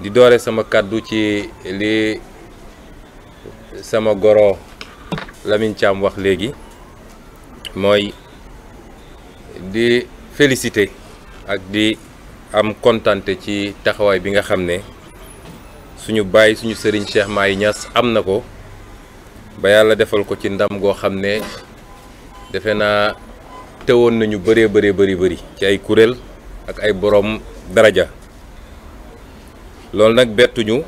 di doore sama kàddu ci li sama goro Lamine Thiam wax léegi mooy di félicité ak di am kontante ci taxawaay bi nga xam ne suñu bàyyi suñu sëriñ Cheikh Mahi ñas am na ko ba yàlla defal ko ci ndam goo xam ne defe naa teewoon nañu bëree bëri bari bëri ci ay kuréel ak ay boroom daraja loolu nag bettuñu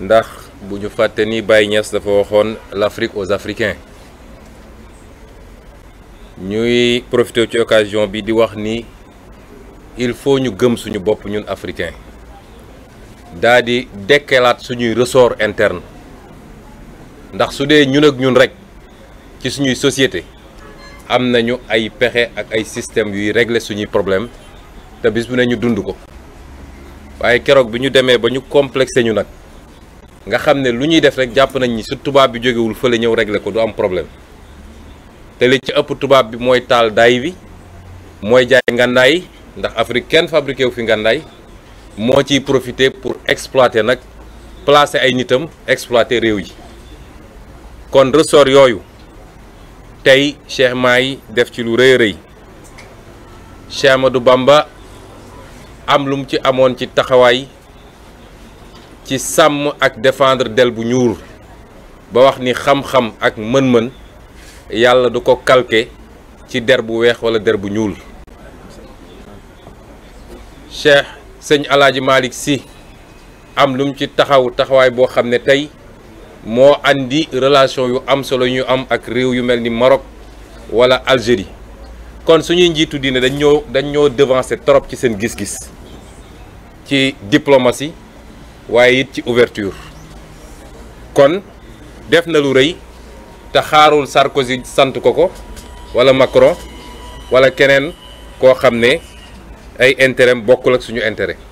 ndax bu ñu fàtte ni Baye Niass dafa waxoon l'Afrique aux Africains ñuy profité ci occasion bi di wax ni il faut ñu gëm suñu bopp ñun africain daa di dekkelaat suñuy ressort interne ndax su dee ñun ak ñun rek ci suñuy société am nañu ay pexe ak ay système yuy régler suñuy problème te bis bu ne ñu dund ko waaye keroog bi ñu demee ba ñu complexé ñu nag nga xam ne lu ñuy def rek jàpp nañ ni su tubaab bi jógewul fële ñëw regle ko du am problème te li ci ëpp tubaab bi mooy taal daay wi mooy jaay ngàndaay ndax Afrique kenn fabriqué wu fi ngàndaay moo ciy profité pour exploiter nag placer ay nitam exploiter réew yi kon ressort yooyu tey Cheikh yi def ci lu rëy a rëy Cheikh Amadou Bamba am lu mu ci amoon ci taxawaay ci sàmm ak defendre del bu ñuul ba wax ni xam-xam ak mën-mën yàlla du ko calqué ci der bu weex wala der bu ñuul cheikh sëñ alaaji Malick si am lum ci taxaw taxawaay boo xam ne tey moo indi relation yu am solo yu ñu am ak réew yu mel ni Maroc wala Algérie kon suñuy njiitu diine dañ ñoo dañ ñoo devancer trop ci seen gis-gis ci diplomatie waaye it ci ouverture kon def na lu rëy te xaarul Sarkozy sant ko ko wala Macron wala keneen koo xam ne ay intérêt bokkul ak suñu intérêt